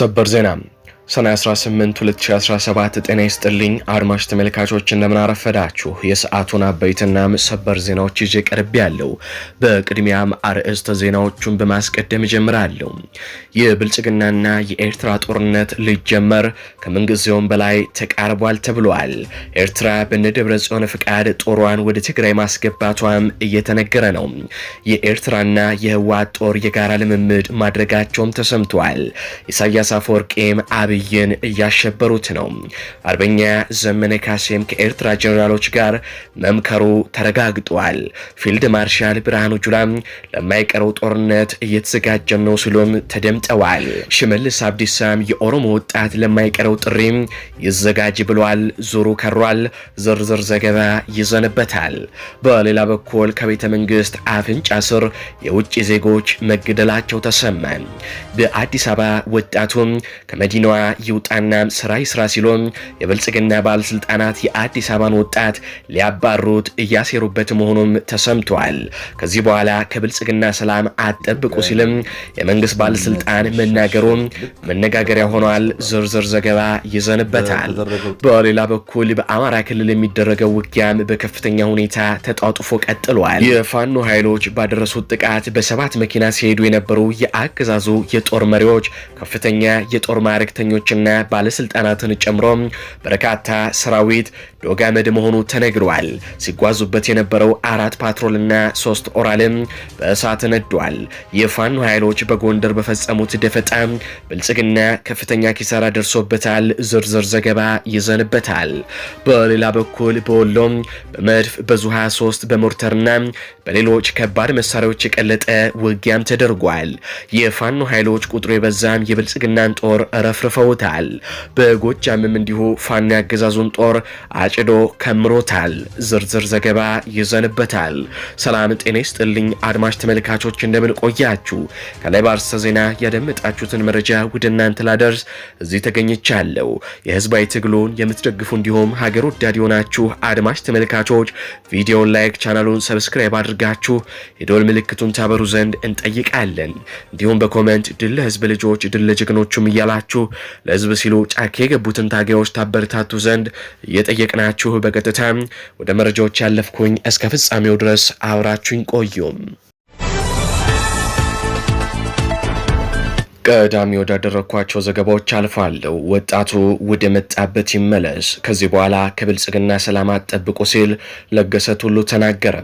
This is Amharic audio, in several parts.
ሰበር ዜና ሰኔ 18 2017 ጤና ይስጥልኝ አድማሽ ተመልካቾች፣ እንደምን አረፈዳችሁ። የሰዓቱን አበይትና ሰበር ዜናዎች ይዤ ቀርብ ያለው። በቅድሚያም አርዕስተ ዜናዎቹን በማስቀደም እጀምራለሁ። የብልጽግናና የኤርትራ ጦርነት ሊጀመር ከምንጊዜውም በላይ ተቃርቧል ተብሏል። ኤርትራ በነደብረ ጽዮን ፍቃድ ጦሯን ወደ ትግራይ ማስገባቷም እየተነገረ ነው። የኤርትራና የህወሓት ጦር የጋራ ልምምድ ማድረጋቸውም ተሰምቷል። ኢሳያስ አፈወርቂም አብይ አብይን እያሸበሩት ነው። አርበኛ ዘመነ ካሴም ከኤርትራ ጀኔራሎች ጋር መምከሩ ተረጋግጧል። ፊልድ ማርሻል ብርሃኑ ጁላም ለማይቀረው ጦርነት እየተዘጋጀን ነው ሲሉም ተደምጠዋል። ሽመልስ አብዲሳም የኦሮሞ ወጣት ለማይቀረው ጥሪም ይዘጋጅ ብሏል። ዙሩ ከሯል። ዝርዝር ዘገባ ይዘንበታል። በሌላ በኩል ከቤተ መንግስት አፍንጫ ስር የውጭ ዜጎች መገደላቸው ተሰማ። በአዲስ አበባ ወጣቱም ከመዲናዋ ይውጣና ስራ ይስራ ሲሎ የብልጽግና ባለስልጣናት የአዲስ አበባን ወጣት ሊያባሩት እያሴሩበት መሆኑም ተሰምቷል። ከዚህ በኋላ ከብልጽግና ሰላም አጠብቁ ሲልም የመንግስት ባለስልጣን መናገሩ መነጋገሪያ ሆኗል። ዝርዝር ዘገባ ይዘንበታል። በሌላ በኩል በአማራ ክልል የሚደረገው ውጊያም በከፍተኛ ሁኔታ ተጧጡፎ ቀጥሏል። የፋኖ ኃይሎች ባደረሱት ጥቃት በሰባት መኪና ሲሄዱ የነበሩ የአገዛዙ የጦር መሪዎች ከፍተኛ የጦር ማዕረግተኞች አዛዦችና ባለስልጣናትን ጨምሮ በርካታ ሰራዊት ዶጋመድ መሆኑ ተነግሯል። ሲጓዙበት የነበረው አራት ፓትሮልና ሶስት ኦራልም በእሳት ነዷል። የፋኖ ኃይሎች በጎንደር በፈጸሙት ደፈጣ ብልጽግና ከፍተኛ ኪሳራ ደርሶበታል። ዝርዝር ዘገባ ይዘንበታል። በሌላ በኩል በወሎ በመድፍ በዙ 23 በሞርተርና በሌሎች ከባድ መሳሪያዎች የቀለጠ ውጊያም ተደርጓል። የፋኖ ኃይሎች ቁጥሩ የበዛም የብልጽግናን ጦር ረፍርፈው አድርገውታል። በጎጃምም እንዲሁ ፋኖ ያገዛዙን ጦር አጭዶ ከምሮታል። ዝርዝር ዘገባ ይዘንበታል። ሰላም ጤና ይስጥልኝ አድማጭ ተመልካቾች እንደምን ቆያችሁ? ከላይ ባርዕስተ ዜና ያደመጣችሁትን መረጃ ወደ እናንተ ላደርስ እዚህ ተገኝቻለሁ። የህዝባዊ ትግሉን የምትደግፉ እንዲሁም ሀገር ወዳድ የሆናችሁ አድማጭ ተመልካቾች ቪዲዮን ላይክ፣ ቻናሉን ሰብስክራይብ አድርጋችሁ የዶል ምልክቱን ታበሩ ዘንድ እንጠይቃለን። እንዲሁም በኮመንት ድል ለህዝብ ልጆች ድል ለጀግኖቹም እያላችሁ ለህዝብ ሲሉ ጫካ የገቡትን ታጋዮች ታበረታቱ ዘንድ እየጠየቅናችሁ በቀጥታ ወደ መረጃዎች ያለፍኩኝ እስከ ፍጻሜው ድረስ አብራችሁኝ ቆዩም። ቀዳሚ ወዳደረኳቸው ዘገባዎች አልፋለሁ። ወጣቱ ወደ መጣበት ይመለስ፣ ከዚህ በኋላ ከብልጽግና ሰላም አጠብቆ ሲል ለገሰ ቱሉ ተናገረ።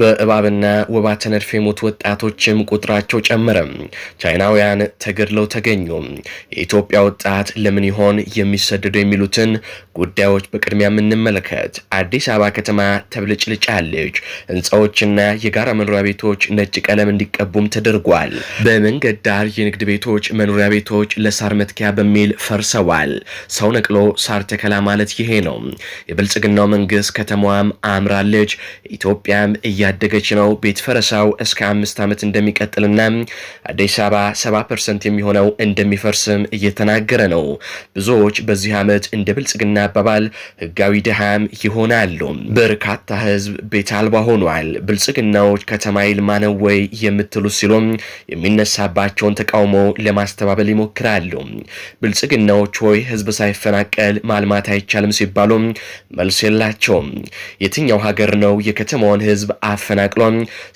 በእባብና ወባ ተነድፎ የሞቱ ወጣቶችም ቁጥራቸው ጨመረ። ቻይናውያን ተገድለው ተገኙ። የኢትዮጵያ ወጣት ለምን ይሆን የሚሰደዱ የሚሉትን ጉዳዮች በቅድሚያ የምንመለከት። አዲስ አበባ ከተማ ተብልጭልጫለች። ህንፃዎችና የጋራ መኖሪያ ቤቶች ነጭ ቀለም እንዲቀቡም ተደርጓል። በመንገድ ዳር የንግድ ቤቶች ቤቶች፣ መኖሪያ ቤቶች ለሳር መትኪያ በሚል ፈርሰዋል። ሰው ነቅሎ ሳር ተከላ ማለት ይሄ ነው። የብልጽግናው መንግስት ከተማዋም አምራለች፣ ኢትዮጵያም እያደገች ነው። ቤት ፈረሳው እስከ አምስት ዓመት እንደሚቀጥልና አዲስ አበባ 70 ፐርሰንት የሚሆነው እንደሚፈርስም እየተናገረ ነው። ብዙዎች በዚህ ዓመት እንደ ብልጽግና አባባል ህጋዊ ድሃም ይሆናሉ። በርካታ ህዝብ ቤት አልባ ሆኗል። ብልጽግናዎች ከተማ ይልማ ነው ወይ የምትሉ ሲሉም የሚነሳባቸውን ተቃውሞ ለማስተባበል ይሞክራሉ። ብልጽግናዎች ሆይ ህዝብ ሳይፈናቀል ማልማት አይቻልም ሲባሉ መልስ የላቸውም። የትኛው ሀገር ነው የከተማውን ህዝብ አፈናቅሎ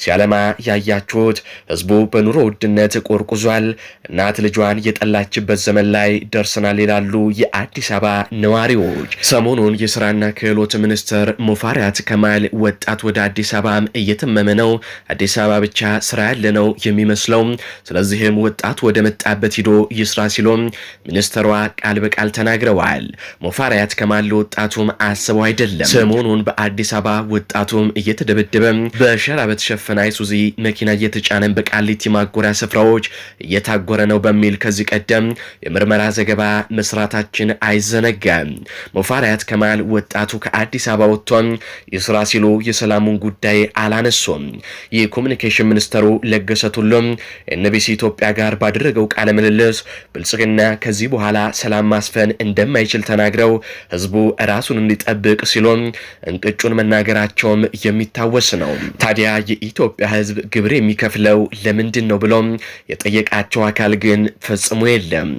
ሲያለማ ያያችሁት? ህዝቡ በኑሮ ውድነት ቆርቁዟል፣ እናት ልጇን የጠላችበት ዘመን ላይ ደርሰናል ይላሉ የአዲስ አበባ ነዋሪዎች። ሰሞኑን የስራና ክህሎት ሚኒስትር ሙፈሪያት ከማል ወጣት ወደ አዲስ አበባም እየተመመ ነው። አዲስ አበባ ብቻ ስራ ያለ ነው የሚመስለው። ስለዚህም ወጣት ወደ ወደመጣበት ሂዶ ይስራ ሲሎም ሚኒስትሯ ቃል በቃል ተናግረዋል። ሙፈሪያት ከማል ወጣቱም አስበው አይደለም። ሰሞኑን በአዲስ አበባ ወጣቱም እየተደበደበ በሸራ በተሸፈነ አይሱዚ መኪና እየተጫነ በቃሊቲ ማጎሪያ ስፍራዎች እየታጎረ ነው በሚል ከዚህ ቀደም የምርመራ ዘገባ መስራታችን አይዘነጋም። ሙፈሪያት ከማል ወጣቱ ከአዲስ አበባ ወጥቷም ይስራ ሲሉ የሰላሙን ጉዳይ አላነሱም። የኮሚኒኬሽን ሚኒስተሩ ለገሰ ቱሉም ኤንቢሲ ኢትዮጵያ ጋር ባደረገ ባደረገው ቃለ ምልልስ ብልጽግና ከዚህ በኋላ ሰላም ማስፈን እንደማይችል ተናግረው ህዝቡ ራሱን እንዲጠብቅ ሲሉም እንቅጩን መናገራቸውም የሚታወስ ነው። ታዲያ የኢትዮጵያ ህዝብ ግብር የሚከፍለው ለምንድን ነው ብሎም የጠየቃቸው አካል ግን ፈጽሞ የለም።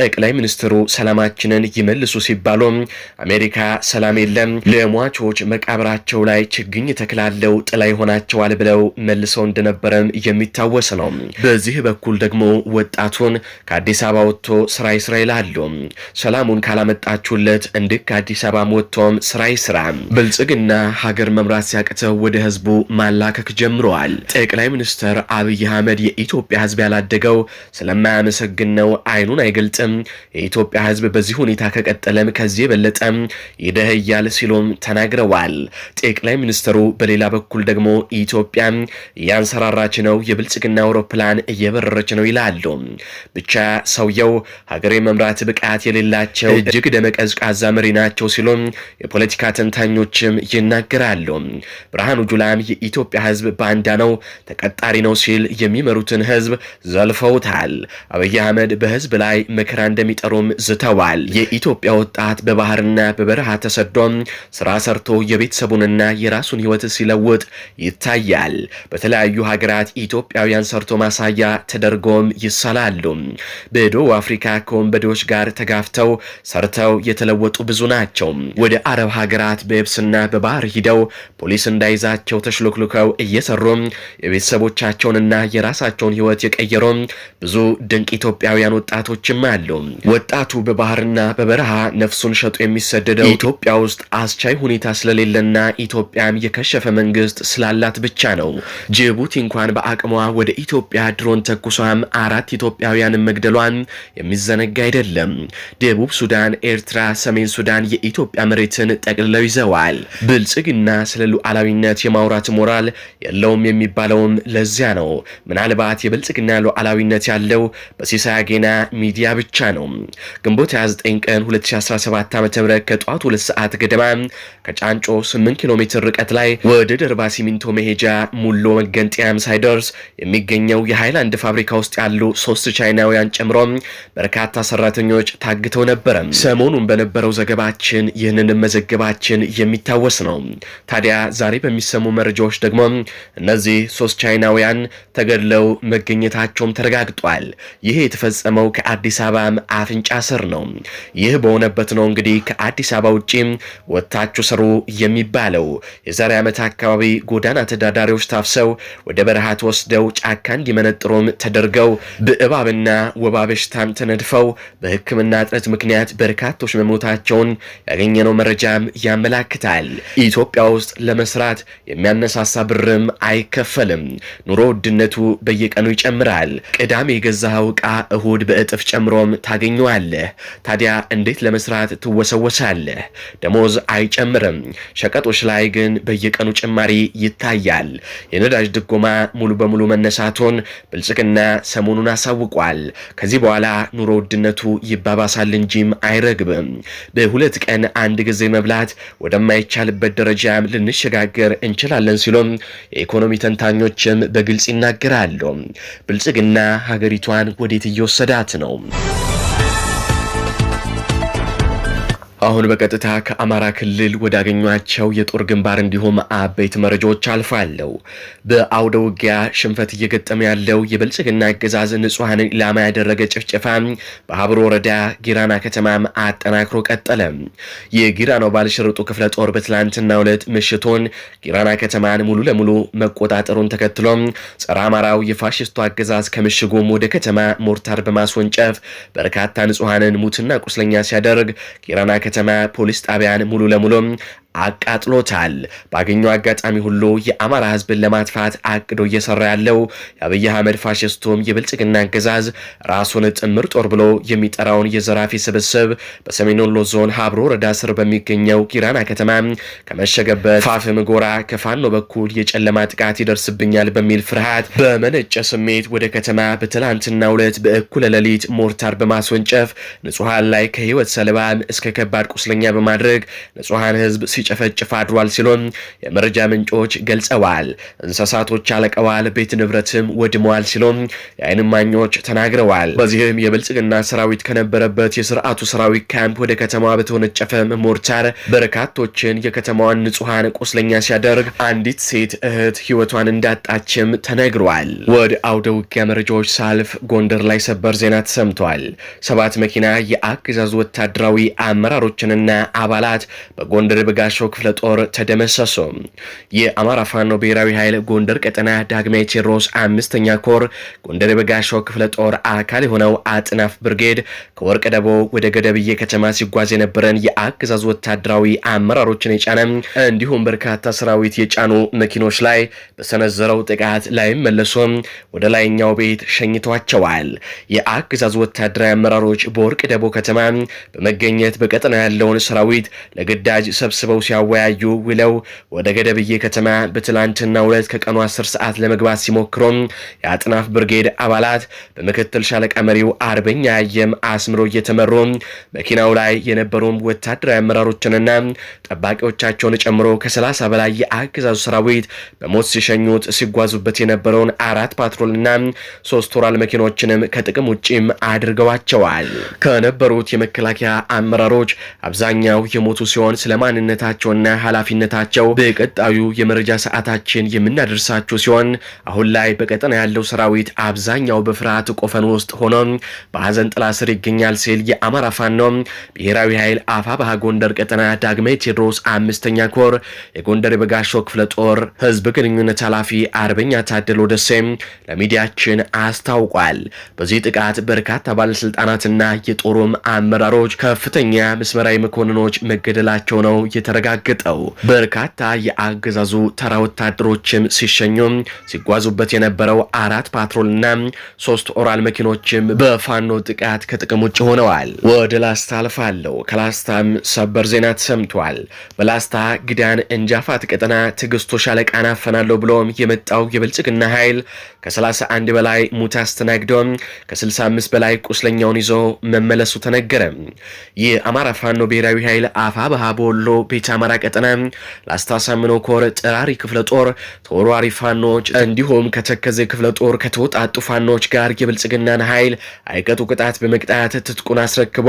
ጠቅላይ ሚኒስትሩ ሰላማችንን ይመልሱ ሲባሉም አሜሪካ ሰላም የለም ለሟቾች መቃብራቸው ላይ ችግኝ ተክላለው ጥላ ይሆናቸዋል ብለው መልሰው እንደነበረም የሚታወስ ነው። በዚህ በኩል ደግሞ ወጣ ወጣቱን ከአዲስ አበባ ወጥቶ ስራ ይስራ ይላሉ። ሰላሙን ካላመጣችሁለት እንድህ ከአዲስ አበባም ወጥቶም ስራ ይስራ። ብልጽግና ሀገር መምራት ሲያቅተው ወደ ህዝቡ ማላከክ ጀምረዋል። ጠቅላይ ሚኒስትር አብይ አህመድ የኢትዮጵያ ህዝብ ያላደገው ስለማያመሰግን ነው፣ አይኑን አይገልጥም። የኢትዮጵያ ህዝብ በዚህ ሁኔታ ከቀጠለም ከዚህ የበለጠም ይደህያል ሲሉም ተናግረዋል። ጠቅላይ ሚኒስትሩ በሌላ በኩል ደግሞ ኢትዮጵያ እያንሰራራች ነው፣ የብልጽግና አውሮፕላን እየበረረች ነው ይላሉ። ብቻ ሰውየው ሀገር የመምራት ብቃት የሌላቸው እጅግ ደመቀዝቃዛ መሪ ናቸው ሲሉ የፖለቲካ ተንታኞችም ይናገራሉ። ብርሃኑ ጁላም የኢትዮጵያ ህዝብ ባንዳ ነው፣ ተቀጣሪ ነው ሲል የሚመሩትን ህዝብ ዘልፈውታል። አብይ አህመድ በህዝብ ላይ መከራ እንደሚጠሩም ዝተዋል። የኢትዮጵያ ወጣት በባህርና በበረሃ ተሰዶም ስራ ሰርቶ የቤተሰቡንና የራሱን ህይወት ሲለውጥ ይታያል። በተለያዩ ሀገራት ኢትዮጵያውያን ሰርቶ ማሳያ ተደርጎም ይሳላል። ኋላ አሉ። በደቡብ አፍሪካ ከወንበዴዎች ጋር ተጋፍተው ሰርተው የተለወጡ ብዙ ናቸው። ወደ አረብ ሀገራት በየብስና በባህር ሂደው ፖሊስ እንዳይዛቸው ተሽሎክልከው እየሰሩ የቤተሰቦቻቸውንና የራሳቸውን ህይወት የቀየሩ ብዙ ድንቅ ኢትዮጵያውያን ወጣቶችም አሉ። ወጣቱ በባህርና በበረሃ ነፍሱን ሸጡ የሚሰደደው ኢትዮጵያ ውስጥ አስቻይ ሁኔታ ስለሌለና ኢትዮጵያም የከሸፈ መንግስት ስላላት ብቻ ነው። ጅቡቲ እንኳን በአቅሟ ወደ ኢትዮጵያ ድሮን ተኩሷም አራት ኢትዮጵያውያንን መግደሏን የሚዘነጋ አይደለም። ደቡብ ሱዳን፣ ኤርትራ፣ ሰሜን ሱዳን የኢትዮጵያ መሬትን ጠቅልለው ይዘዋል። ብልጽግና ስለ ሉዓላዊነት የማውራት ሞራል የለውም የሚባለውም ለዚያ ነው። ምናልባት የብልጽግና ሉዓላዊነት ያለው በሲሳይ አጌና ሚዲያ ብቻ ነው። ግንቦት 29 ቀን 2017 ዓ ም ከጠዋት ሁለት ሰዓት ገደማ ከጫንጮ 8 ኪሎ ሜትር ርቀት ላይ ወደ ደርባ ሲሚንቶ መሄጃ ሙሎ መገንጠያም ሳይደርስ የሚገኘው የሃይላንድ ፋብሪካ ውስጥ ያሉ ሶስት ቻይናውያን ጨምሮ በርካታ ሰራተኞች ታግተው ነበረ። ሰሞኑን በነበረው ዘገባችን ይህንን መዘገባችን የሚታወስ ነው። ታዲያ ዛሬ በሚሰሙ መረጃዎች ደግሞ እነዚህ ሶስት ቻይናውያን ተገድለው መገኘታቸውም ተረጋግጧል። ይህ የተፈጸመው ከአዲስ አበባም አፍንጫ ስር ነው። ይህ በሆነበት ነው እንግዲህ ከአዲስ አበባ ውጪ ወታቹ ስሩ የሚባለው የዛሬ ዓመት አካባቢ ጎዳና ተዳዳሪዎች ታፍሰው ወደ በረሃ ተወስደው ጫካ እንዲመነጥሩም ተደርገው በእባብና ወባ በሽታም ተነድፈው በሕክምና እጥረት ምክንያት በርካቶች መሞታቸውን ያገኘነው መረጃም ያመላክታል። ኢትዮጵያ ውስጥ ለመስራት የሚያነሳሳ ብርም አይከፈልም። ኑሮ ውድነቱ በየቀኑ ይጨምራል። ቅዳሜ የገዛኸው ዕቃ እሁድ በእጥፍ ጨምሮም ታገኘዋለህ። ታዲያ እንዴት ለመስራት ትወሰወሳለህ? ደሞዝ አይጨምርም። ሸቀጦች ላይ ግን በየቀኑ ጭማሪ ይታያል። የነዳጅ ድጎማ ሙሉ በሙሉ መነሳቱን ብልጽግና ሰሞኑን አሳ አሳውቋል። ከዚህ በኋላ ኑሮ ውድነቱ ይባባሳል እንጂም አይረግብም። በሁለት ቀን አንድ ጊዜ መብላት ወደማይቻልበት ደረጃ ልንሸጋገር እንችላለን ሲሉም የኢኮኖሚ ተንታኞችም በግልጽ ይናገራሉ። ብልጽግና ሀገሪቷን ወዴት እየወሰዳት ነው? አሁን በቀጥታ ከአማራ ክልል ወዳገኟቸው የጦር ግንባር እንዲሁም አበይት መረጃዎች አልፋለሁ። በአውደ ውጊያ ሽንፈት እየገጠመ ያለው የብልጽግና አገዛዝ ንጹሐንን ኢላማ ያደረገ ጭፍጨፋ በሀብሮ ወረዳ ጊራና ከተማም አጠናክሮ ቀጠለ። የጊራናው ባልሽርጡ ክፍለ ጦር በትላንትና ሁለት ምሽቶን ጊራና ከተማን ሙሉ ለሙሉ መቆጣጠሩን ተከትሎ ጸረ አማራው የፋሽስቱ አገዛዝ ከምሽጉም ወደ ከተማ ሞርታር በማስወንጨፍ በርካታ ንጹሐንን ሙትና ቁስለኛ ሲያደርግ ጊራና ከተማ ፖሊስ ጣቢያን ሙሉ ለሙሉ አቃጥሎታል። ባገኘው አጋጣሚ ሁሉ የአማራ ህዝብን ለማጥፋት አቅዶ እየሰራ ያለው የአብይ አህመድ ፋሽስቱም የብልጽግና አገዛዝ ራሱን ጥምር ጦር ብሎ የሚጠራውን የዘራፊ ስብስብ በሰሜን ወሎ ዞን ሀብሮ ወረዳ ስር በሚገኘው ጊራና ከተማ ከመሸገበት ፋፍም ጎራ ከፋኖ በኩል የጨለማ ጥቃት ይደርስብኛል በሚል ፍርሃት በመነጨ ስሜት ወደ ከተማ በትላንትና ሁለት በእኩለ ሌሊት ሞርታር በማስወንጨፍ ንጹሐን ላይ ከህይወት ሰለባም እስከ ከባድ ቁስለኛ በማድረግ ንጹሐን ህዝብ ሲጨፈጭፍ አድሯል ሲሉም የመረጃ ምንጮች ገልጸዋል። እንስሳቶች አለቀዋል፣ ቤት ንብረትም ወድመዋል ሲሉም የአይን እማኞች ተናግረዋል። በዚህም የብልጽግና ሰራዊት ከነበረበት የስርዓቱ ሰራዊት ካምፕ ወደ ከተማዋ በተወነጨፈ ሞርታር በርካቶችን የከተማዋን ንጹሐን ቁስለኛ ሲያደርግ አንዲት ሴት እህት ህይወቷን እንዳጣችም ተነግሯል። ወደ አውደ ውጊያ መረጃዎች ሳልፍ ጎንደር ላይ ሰበር ዜና ተሰምቷል። ሰባት መኪና የአገዛዙ ወታደራዊ አመራሮችንና አባላት በጎንደር በጋ የዳሾ ክፍለ ጦር ተደመሰሱ። የአማራ ፋኖ ብሔራዊ ኃይል ጎንደር ቀጠና ዳግማዊ ቴዎድሮስ አምስተኛ ኮር ጎንደር የበጋሻው ክፍለ ጦር አካል የሆነው አጥናፍ ብርጌድ ከወርቅ ደቦ ወደ ገደብዬ ከተማ ሲጓዝ የነበረን የአገዛዝ ወታደራዊ አመራሮችን የጫነ እንዲሁም በርካታ ሰራዊት የጫኑ መኪኖች ላይ በሰነዘረው ጥቃት ላይመለሱም ወደ ላይኛው ቤት ሸኝቷቸዋል። የአገዛዝ ወታደራዊ አመራሮች በወርቅ ደቦ ከተማ በመገኘት በቀጠና ያለውን ሰራዊት ለግዳጅ ሰብስበው ተቀምጠው ሲያወያዩ ውለው ወደ ገደብዬ ከተማ በትላንትና ሁለት ከቀኑ 10 ሰዓት ለመግባት ሲሞክሮም የአጥናፍ ብርጌድ አባላት በምክትል ሻለቃ መሪው አርበኛ ያየም አስምሮ እየተመሩ መኪናው ላይ የነበሩም ወታደራዊ አመራሮችንና ጠባቂዎቻቸውን ጨምሮ ከ30 በላይ የአገዛዙ ሰራዊት በሞት ሲሸኙት ሲጓዙበት የነበረውን አራት ፓትሮልና ሶስት ወራል መኪኖችንም ከጥቅም ውጪም አድርገዋቸዋል። ከነበሩት የመከላከያ አመራሮች አብዛኛው የሞቱ ሲሆን ስለማንነት ኃላፊነታቸውና ኃላፊነታቸው በቀጣዩ የመረጃ ሰዓታችን የምናደርሳችሁ ሲሆን አሁን ላይ በቀጠና ያለው ሰራዊት አብዛኛው በፍርሃት ቆፈን ውስጥ ሆኖ በሀዘን ጥላ ስር ይገኛል ሲል የአማራ ፋኖ ብሔራዊ ኃይል አፋባሃ ጎንደር ቀጠና ዳግማዊ ቴዎድሮስ አምስተኛ ኮር የጎንደር የበጋሾ ክፍለ ጦር ህዝብ ግንኙነት ኃላፊ አርበኛ ታደሎ ደሴም ለሚዲያችን አስታውቋል። በዚህ ጥቃት በርካታ ባለስልጣናትና የጦሩም አመራሮች ከፍተኛ ምስመራዊ መኮንኖች መገደላቸው ነው የተረ ያረጋግጠው በርካታ የአገዛዙ ተራ ወታደሮችም ሲሸኙ ሲጓዙበት የነበረው አራት ፓትሮልና ሶስት ኦራል መኪኖችም በፋኖ ጥቃት ከጥቅም ውጭ ሆነዋል። ወደ ላስታ አልፋለሁ። ከላስታም ሰበር ዜና ተሰምቷል። በላስታ ግዳን እንጃፋት ቀጠና ትዕግስቶ ሻለቃን አፈናለሁ ብሎም የመጣው የብልጽግና ኃይል ከ31 በላይ ሙት አስተናግዶም ከ65 በላይ ቁስለኛውን ይዞ መመለሱ ተነገረ። የአማራ ፋኖ ብሔራዊ ኃይል አፋ በሃ በወሎ ቤተ አማራ ቀጠና ላስታሳምነው ኮር ጥራሪ ክፍለ ጦር ተወሯሪ ፋኖች እንዲሁም ከተከዘ ክፍለ ጦር ከተወጣጡ ፋኖች ጋር የብልጽግናን ኃይል አይቀጡ ቅጣት በመቅጣት ትጥቁን አስረክቦ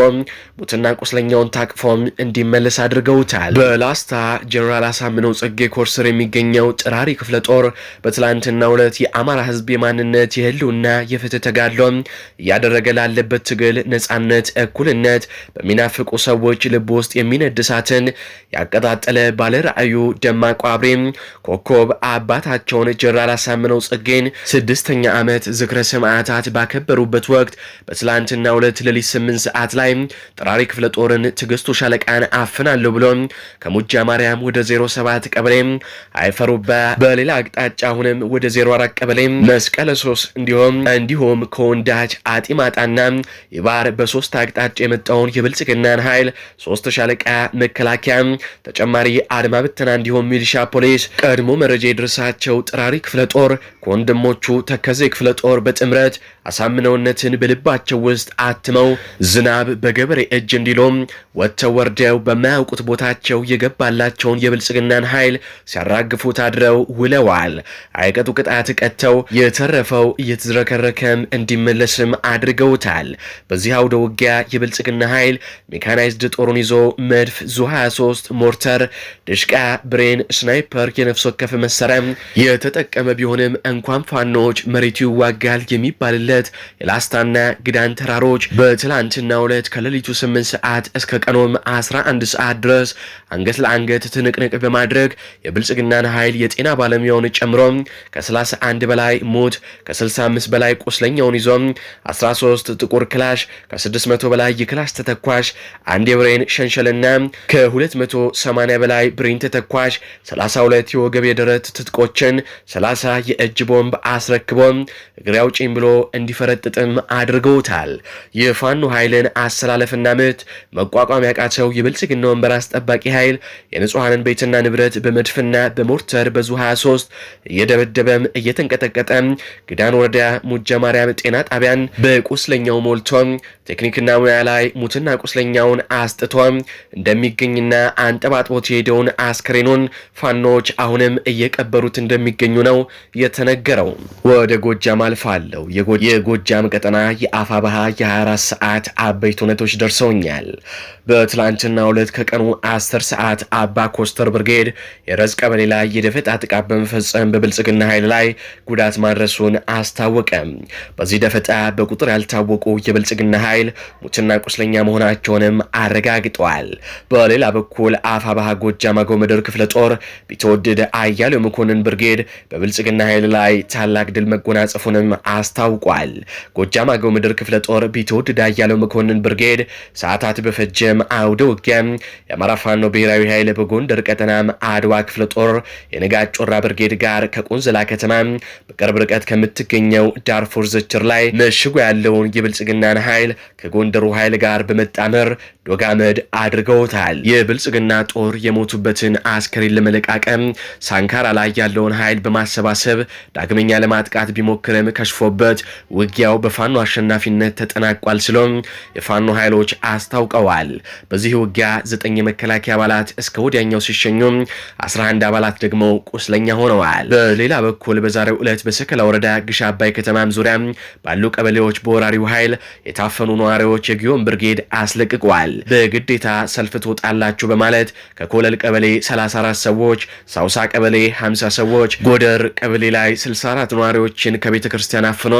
ሙትና ቁስለኛውን ታቅፎም እንዲመለስ አድርገውታል። በላስታ ጀኔራል አሳምነው ጸጌ ኮር ስር የሚገኘው ጥራሪ ክፍለ ጦር በትላንትናው ዕለት የአማራ ህዝብ የማንነት የህልውና የፍትህ ተጋድሎ እያደረገ ላለበት ትግል ነጻነት፣ እኩልነት በሚናፍቁ ሰዎች ልብ ውስጥ የሚነድሳትን ያቀጣጠለ ራዕዩ ደማቁ አብሬም ኮከብ አባታቸውን ጀነራል አሳምነው ጽጌን ስድስተኛ ዓመት ዝክረ ሰማዕታት ባከበሩበት ወቅት በትላንትና ሁለት ሌሊት ስምንት ሰዓት ላይ ጠራሪ ክፍለ ጦርን ትግስቱ ሻለቃን አፍናለሁ ብሎ ከሙጃ ማርያም ወደ 07 ቀበሌ አይፈሩባ በሌላ አቅጣጫ አሁንም ወደ 04 ቀበሌ መስቀለ ሶስ እንዲሁም እንዲሁም ከወንዳች አጢማጣና ይባር በሶስት አቅጣጫ የመጣውን የብልጽግናን ኃይል ሶስት ሻለቃ መከላከያ ተጨማሪ አድማ ብተና እንዲሆን ሚሊሻ ፖሊስ ቀድሞ መረጃ የደረሳቸው ጥራሪ ክፍለ ጦር ከወንድሞቹ ተከዜ ክፍለ ጦር በጥምረት አሳምነውነትን በልባቸው ውስጥ አትመው ዝናብ በገበሬ እጅ እንዲሎም ወጥተው ወርደው በማያውቁት ቦታቸው የገባላቸውን የብልጽግናን ኃይል ሲያራግፉ ታድረው ውለዋል። አይቀጡ ቅጣት ቀጥተው የተረፈው እየተዝረከረከም እንዲመለስም አድርገውታል። በዚህ አውደ ውጊያ የብልጽግና ኃይል ሜካናይዝድ ጦሩን ይዞ መድፍ፣ ዙ 23 ሞርተር፣ ድሽቃ፣ ብሬን፣ ስናይፐር፣ የነፍስ ወከፍ መሳሪያ የተጠቀመ ቢሆንም እንኳን ፋኖች መሬቱ ይዋጋል የሚባልለት በማለት የላስታና ግዳን ተራሮች በትላንትናው ዕለት ከሌሊቱ 8 ሰዓት እስከ ቀኑም 11 ሰዓት ድረስ አንገት ለአንገት ትንቅንቅ በማድረግ የብልጽግናን ኃይል የጤና ባለሙያውን ጨምሮ ከ31 በላይ ሞት ከ65 በላይ ቁስለኛውን ይዞ 13 ጥቁር ክላሽ ከ600 በላይ የክላሽ ተተኳሽ አንድ የብሬን ሸንሸልና ከ280 በላይ ብሬን ተተኳሽ 32 የወገብ የደረት ትጥቆችን 30 የእጅ ቦምብ አስረክቦ እግሬ አውጪኝ ብሎ እንዲፈረጥጥም አድርገውታል። የፋኖ ኃይልን አሰላለፍና ምት መቋቋም ያቃተው የብልጽግና ወንበር አስጠባቂ ኃይል የንጹሐንን ቤትና ንብረት በመድፍና በሞርተር በዙ 23 እየደበደበም እየተንቀጠቀጠም ግዳን ወረዳ ሙጃ ማርያም ጤና ጣቢያን በቁስለኛው ሞልቶም ቴክኒክና ሙያ ላይ ሙትና ቁስለኛውን አስጥቶ እንደሚገኝና አንጠባጥቦት የሄደውን አስክሬኑን ፋኖች አሁንም እየቀበሩት እንደሚገኙ ነው የተነገረው። ወደ ጎጃም አልፋለሁ። የጎጃም ቀጠና የአፋ ባህ የ24 ሰዓት አበይት እውነቶች ደርሰውኛል። በትላንትና ሁለት ከቀኑ 10 ሰዓት አባ ኮስተር ብርጌድ የረዝ ቀበሌ ላይ የደፈጣ ጥቃት በመፈጸም በብልጽግና ኃይል ላይ ጉዳት ማድረሱን አስታወቀ። በዚህ ደፈጣ በቁጥር ያልታወቁ የብልጽግና ኃይል ሙትና ቁስለኛ መሆናቸውንም አረጋግጠዋል። በሌላ በኩል አፋባሃ ጎጃም አገው ምድር ክፍለ ጦር ቢተወደድ አያሌው መኮንን ብርጌድ በብልጽግና ኃይል ላይ ታላቅ ድል መጎናጸፉንም አስታውቋል። ጎጃም አገው ምድር ክፍለ ጦር ቢተወደድ አያሌው መኮንን ብርጌድ ሰዓታት በፈጀም አውደ ውጊያም የአማራ ፋኖ ብሔራዊ ኃይል በጎንደር ቀጠናም አድዋ ክፍለ ጦር የነጋጭ ጮራ ብርጌድ ጋር ከቆንዘላ ከተማ በቅርብ ርቀት ከምትገኘው ዳርፎር ዝችር ላይ መሽጎ ያለውን የብልጽግናን ኃይል ከጎንደሩ ኃይል ጋር በመጣመር ዶጋመድ አድርገውታል። የብልጽግና ጦር የሞቱበትን አስከሬን ለመለቃቀም ሳንካራ ላይ ያለውን ኃይል በማሰባሰብ ዳግመኛ ለማጥቃት ቢሞክርም ከሽፎበት ውጊያው በፋኖ አሸናፊነት ተጠናቋል ሲሎም የፋኖ ኃይሎች አስታውቀዋል። በዚህ ውጊያ ዘጠኝ የመከላከያ አባላት እስከ ወዲያኛው ሲሸኙ 11 አባላት ደግሞ ቁስለኛ ሆነዋል። በሌላ በኩል በዛሬው ዕለት በሰከላ ወረዳ ግሽ አባይ ከተማም ዙሪያ ባሉ ቀበሌዎች በወራሪው ኃይል የታፈኑ ነዋሪዎች የጊዮን ብርጌድ አስለቅቋል። በግዴታ ሰልፍ ትወጣላችሁ በማለት ከኮለል ቀበሌ 34 ሰዎች፣ ሳውሳ ቀበሌ 50 ሰዎች፣ ጎደር ቀበሌ ላይ 64 ነዋሪዎችን ከቤተ ክርስቲያን አፍኖ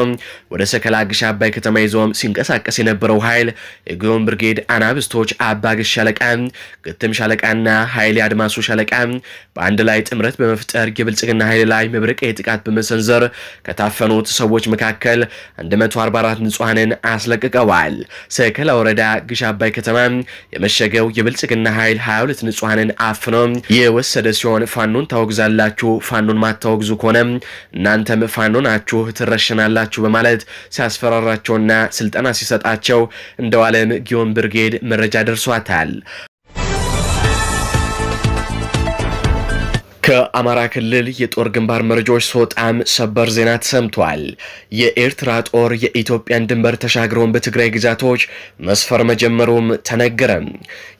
ወደ ሰከላ ግሽ አባይ ከተማ ይዞም ሲንቀሳቀስ የነበረው ኃይል የጊዮን ብርጌድ አናብስቶች አባ ግሽ ሻለቃ፣ ግትም ሻለቃ ሻለቃና ኃይሌ አድማሱ ሻለቃ በአንድ ላይ ጥምረት በመፍጠር የብልጽግና ኃይል ላይ መብረቃዊ ጥቃት በመሰንዘር ከታፈኑት ሰዎች መካከል 144 ንጹሐንን አስለቅቀዋል። ሰከላ ወረዳ ግሽ አባይ ከተማ የመሸገው የብልጽግና ኃይል 22 ንጹሐንን አፍኖ የወሰደ ሲሆን ፋኖን ታወግዛላችሁ፣ ፋኖን ማታወግዙ ከሆነ እናንተም ፋኖ ናችሁ ትረሽናላችሁ በማለት ሲያስፈራራቸውና ስልጠና ሲሰጣቸው እንደዋለም ጊዮን ብርጌድ መረጃ ደርሷታል። ከአማራ ክልል የጦር ግንባር መረጃዎች ስወጣም ሰበር ዜና ተሰምቷል። የኤርትራ ጦር የኢትዮጵያን ድንበር ተሻግረውን በትግራይ ግዛቶች መስፈር መጀመሩም ተነገረም።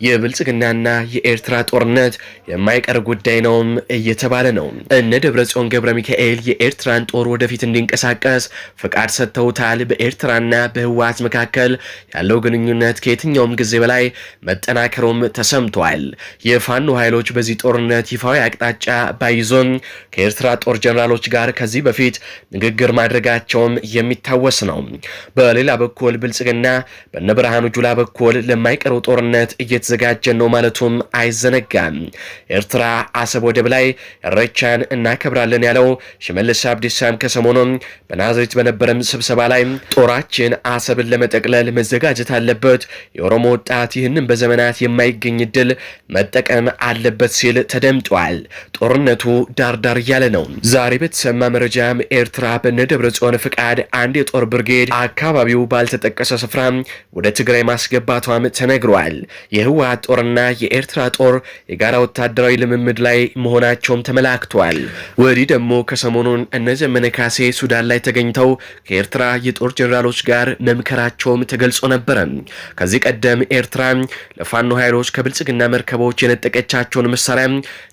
የብልጽግናና የኤርትራ ጦርነት የማይቀር ጉዳይ ነውም እየተባለ ነው። እነ ደብረጽዮን ገብረ ሚካኤል የኤርትራን ጦር ወደፊት እንዲንቀሳቀስ ፍቃድ ሰጥተውታል። በኤርትራና በህወሀት መካከል ያለው ግንኙነት ከየትኛውም ጊዜ በላይ መጠናከሩም ተሰምቷል። የፋኖ ኃይሎች በዚህ ጦርነት ይፋዊ አቅጣጫ ባይዞን ከኤርትራ ጦር ጀኔራሎች ጋር ከዚህ በፊት ንግግር ማድረጋቸውም የሚታወስ ነው። በሌላ በኩል ብልጽግና በነ ብርሃኑ ጁላ በኩል ለማይቀረው ጦርነት እየተዘጋጀ ነው ማለቱም አይዘነጋም። ኤርትራ አሰብ ወደብ ላይ ረቻን እናከብራለን ያለው ሽመልስ አብዲሳም ከሰሞኑን በናዝሬት በነበረም ስብሰባ ላይ ጦራችን አሰብን ለመጠቅለል መዘጋጀት አለበት፣ የኦሮሞ ወጣት ይህንን በዘመናት የማይገኝ ድል መጠቀም አለበት ሲል ተደምጧል። ጦርነቱ ዳርዳር እያለ ነው። ዛሬ በተሰማ መረጃም ኤርትራ በነ ደብረ ጽዮን ፍቃድ አንድ የጦር ብርጌድ አካባቢው ባልተጠቀሰ ስፍራ ወደ ትግራይ ማስገባቷም ተነግሯል። የህወሀት ጦርና የኤርትራ ጦር የጋራ ወታደራዊ ልምምድ ላይ መሆናቸውም ተመላክቷል። ወዲህ ደግሞ ከሰሞኑን እነ ዘመነ ካሴ ሱዳን ላይ ተገኝተው ከኤርትራ የጦር ጀኔራሎች ጋር መምከራቸውም ተገልጾ ነበረ። ከዚህ ቀደም ኤርትራ ለፋኖ ኃይሎች ከብልጽግና መርከቦች የነጠቀቻቸውን መሳሪያ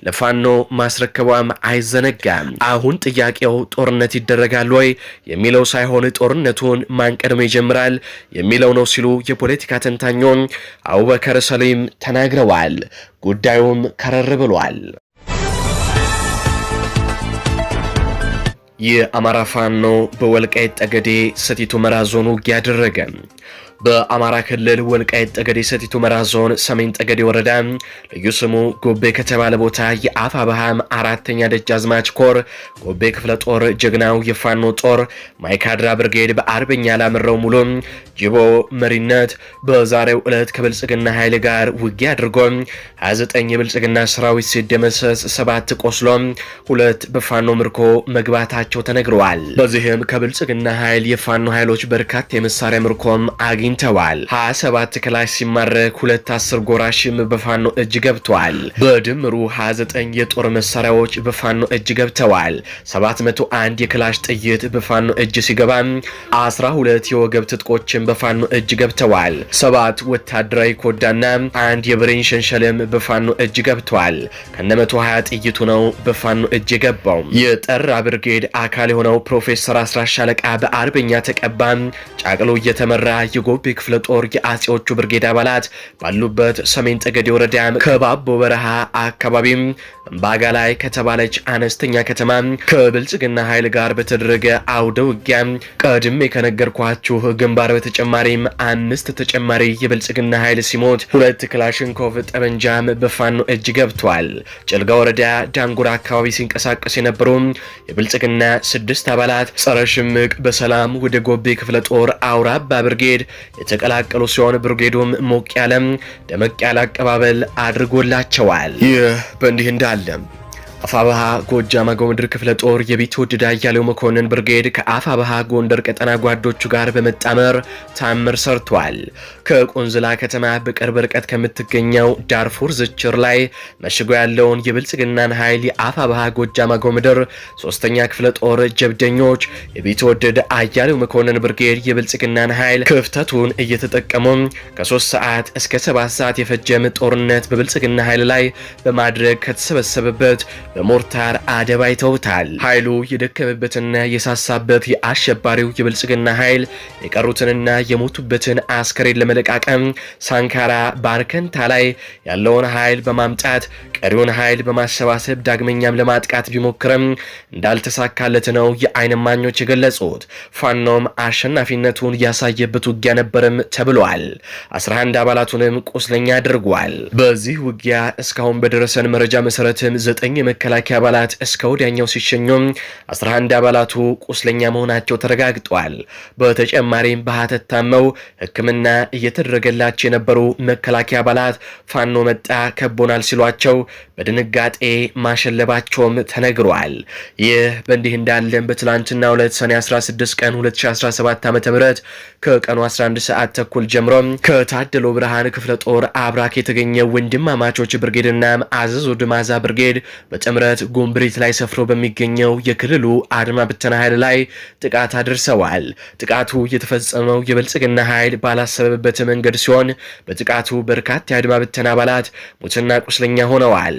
ለፋኖ ማስረከቧም አይዘነጋም። አሁን ጥያቄው ጦርነት ይደረጋል ወይ የሚለው ሳይሆን ጦርነቱን ማን ቀድሞ ይጀምራል የሚለው ነው ሲሉ የፖለቲካ ተንታኞን አቡበከር ሰሊም ተናግረዋል። ጉዳዩም ከረር ብሏል። የአማራ ፋኖ በወልቃይት ጠገዴ ሰቲት ሁመራ ዞን ውጊያ አደረገ። በአማራ ክልል ወልቃይት ጠገዴ ሰቲት ሁመራ ዞን ሰሜን ጠገዴ ወረዳ ልዩ ስሙ ጎቤ ከተባለ ቦታ የአፋብሃም አራተኛ ደጃዝማች ኮር ጎቤ ክፍለ ጦር ጀግናው የፋኖ ጦር ማይካድራ ብርጌድ በአርበኛ ላምረው ሙሉ ጅቦ መሪነት በዛሬው ዕለት ከብልጽግና ኃይል ጋር ውጊያ አድርጎ 29 የብልጽግና ሰራዊት ሲደመሰስ ሰባት ቆስሎ ሁለት በፋኖ ምርኮ መግባታቸው ተነግረዋል። በዚህም ከብልጽግና ኃይል የፋኖ ኃይሎች በርካታ የመሳሪያ ምርኮም አግኝ አግኝተዋል። 27 ክላሽ ሲማረክ ሁለት አስር ጎራሽም በፋኖ እጅ ገብተዋል። በድምሩ 29 የጦር መሳሪያዎች በፋኖ እጅ ገብተዋል። 701 የክላሽ ጥይት በፋኖ እጅ ሲገባም 12 የወገብ ትጥቆችም በፋኖ እጅ ገብተዋል። ሰባት ወታደራዊ ኮዳና አንድ የብሬን ሸንሸልም በፋኖ እጅ ገብተዋል። ከነ 120 ጥይቱ ነው በፋኖ እጅ የገባው። የጠራ ብርጌድ አካል የሆነው ፕሮፌሰር አስራ ሻለቃ በአርበኛ ተቀባ ጫቅሎ እየተመራ የጎ የሮቢ ክፍለ ጦር የአጼዎቹ ብርጌድ አባላት ባሉበት ሰሜን ጠገዴ ወረዳ ከባቦ በረሃ አካባቢም እምባጋ ላይ ከተባለች አነስተኛ ከተማ ከብልጽግና ኃይል ጋር በተደረገ አውደ ውጊያ ቀድሜ ከነገርኳችሁ ግንባር በተጨማሪም አምስት ተጨማሪ የብልጽግና ኃይል ሲሞት ሁለት ክላሽንኮቭ ጠመንጃም በፋኖ እጅ ገብቷል። ጭልጋ ወረዳ ዳንጉራ አካባቢ ሲንቀሳቀስ የነበሩ የብልጽግና ስድስት አባላት ጸረ ሽምቅ በሰላም ወደ ጎቤ ክፍለ ጦር አውራባ ብርጌድ የተቀላቀሉ ሲሆን ብርጌዱም ሞቅ ያለም ደመቅ ያለ አቀባበል አድርጎላቸዋል። ይህ በእንዲህ እንዳለም አፋብሃ ጎጃም አገው ምድር ክፍለ ጦር የቢትወደድ አያሌው መኮንን ብርጌድ ከአፋብሃ ጎንደር ቀጠና ጓዶቹ ጋር በመጣመር ታምር ሰርቷል። ከቆንዝላ ከተማ በቅርብ ርቀት ከምትገኘው ዳርፉር ዝችር ላይ መሽጎ ያለውን የብልጽግናን ኃይል የአፋብሃ ጎጃም አገው ምድር ሶስተኛ ክፍለ ጦር ጀብደኞች የቢትወደድ አያሌው መኮንን ብርጌድ የብልጽግናን ኃይል ክፍተቱን እየተጠቀሙ ከሶስት ሰዓት እስከ ሰባት ሰዓት የፈጀም ጦርነት በብልጽግና ኃይል ላይ በማድረግ ከተሰበሰበበት በሞርታር አደባይተውታል። ኃይሉ የደከመበትና የሳሳበት የአሸባሪው የብልጽግና ኃይል የቀሩትንና የሞቱበትን አስከሬን ለመለቃቀም ሳንካራ ባርከንታ ላይ ያለውን ኃይል በማምጣት ቀሪውን ኃይል በማሰባሰብ ዳግመኛም ለማጥቃት ቢሞክርም እንዳልተሳካለት ነው የአይን እማኞች የገለጹት። ፋኖም አሸናፊነቱን ያሳየበት ውጊያ ነበርም ተብሏል። 11 አባላቱንም ቁስለኛ አድርጓል። በዚህ ውጊያ እስካሁን በደረሰን መረጃ መሰረትም ዘጠኝ የመከ የመከላከያ አባላት እስከ ወዲያኛው ሲሸኙ 11 አባላቱ ቁስለኛ መሆናቸው ተረጋግጧል። በተጨማሪም በሀተት ታመው ሕክምና እየተደረገላቸው የነበሩ መከላከያ አባላት ፋኖ መጣ ከቦናል ሲሏቸው በድንጋጤ ማሸለባቸውም ተነግሯል። ይህ በእንዲህ እንዳለን በትላንትና ሁለት ሰኔ 16 ቀን 2017 ዓ ም ከቀኑ 11 ሰዓት ተኩል ጀምሮ ከታደሎ ብርሃን ክፍለ ጦር አብራክ የተገኘ ወንድማማቾች ብርጌድና አዘዞ ድማዛ ብርጌድ በጨ ምህረት ጉምብሪት ላይ ሰፍሮ በሚገኘው የክልሉ አድማ ብተና ኃይል ላይ ጥቃት አድርሰዋል። ጥቃቱ የተፈጸመው የብልጽግና ኃይል ባላሰበበት መንገድ ሲሆን በጥቃቱ በርካታ የአድማ ብተና አባላት ሙትና ቁስለኛ ሆነዋል።